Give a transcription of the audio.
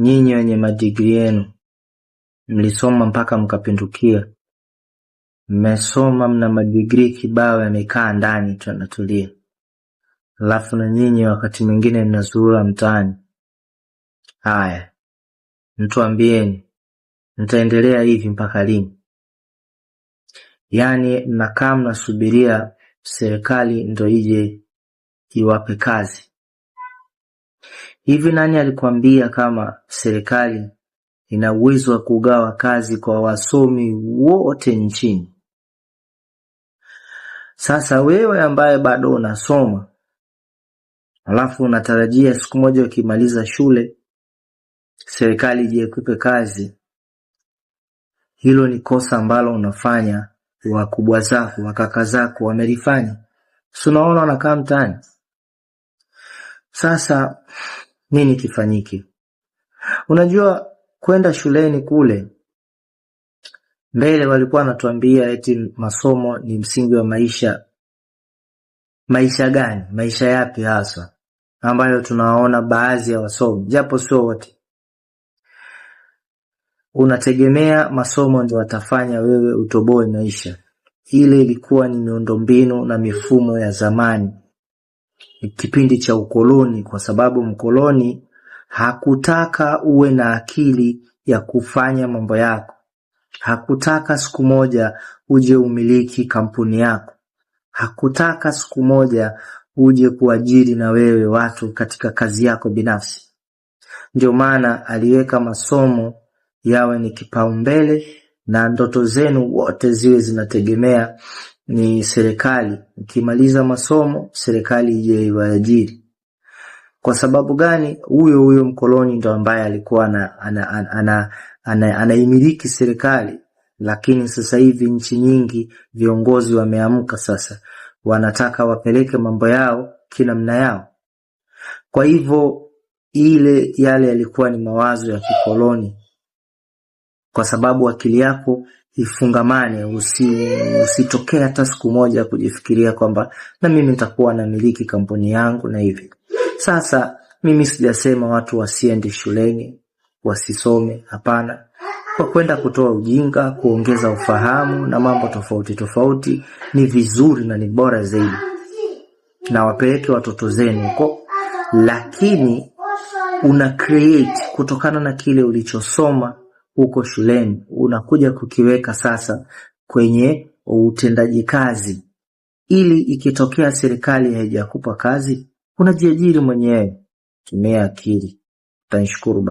Nyinyi wenye madigri yenu mlisoma mpaka mkapindukia, mmesoma mna madigri kibao yamekaa ndani tu yanatulia, alafu na nyinyi wakati mwingine mnazuura mtaani. Haya, mtuambieni mtaendelea hivi mpaka lini? Yaani mnakaa mnasubiria serikali ndo ije iwape kazi Hivi nani alikwambia kama serikali ina uwezo wa kugawa kazi kwa wasomi wote nchini? Sasa wewe ambaye bado unasoma alafu unatarajia siku moja ukimaliza shule serikali ijekupe kazi, hilo ni kosa ambalo unafanya. Wakubwa zako wakaka zako wamelifanya, si unaona wanakaa mtaani sasa nini kifanyike? Unajua kwenda shuleni kule mbele walikuwa wanatuambia eti masomo ni msingi wa maisha. Maisha gani? Maisha yapi hasa ambayo tunawaona baadhi ya wasomi, japo sio wote. Unategemea masomo ndio watafanya wewe utoboe maisha. Ile ilikuwa ni miundombinu na mifumo ya zamani kipindi cha ukoloni kwa sababu mkoloni hakutaka uwe na akili ya kufanya mambo yako, hakutaka siku moja uje umiliki kampuni yako, hakutaka siku moja uje kuajiri na wewe watu katika kazi yako binafsi. Ndio maana aliweka masomo yawe ni kipaumbele na ndoto zenu wote ziwe zinategemea ni serikali, ukimaliza masomo serikali ije iwaajiri. Kwa sababu gani? Huyo huyo mkoloni ndo ambaye alikuwa anaimiliki ana, ana, ana, ana, ana serikali, lakini sasa hivi nchi nyingi viongozi wameamka sasa, wanataka wapeleke mambo yao kinamna yao. Kwa hivyo ile yale yalikuwa ni mawazo ya kikoloni, kwa sababu akili yako ifungamane usi, usitokee hata siku moja kujifikiria kwamba na mimi nitakuwa namiliki kampuni yangu na hivi. Sasa mimi sijasema watu wasiende shuleni, wasisome, hapana. Kwa kwenda kutoa ujinga, kuongeza ufahamu na mambo tofauti tofauti ni vizuri na ni bora zaidi, na wapeleke watoto zenu huko, lakini una create kutokana na kile ulichosoma huko shuleni unakuja kukiweka sasa kwenye utendaji kazi, ili ikitokea serikali haijakupa kazi unajiajiri mwenyewe. Tumia akili, utanishukuru.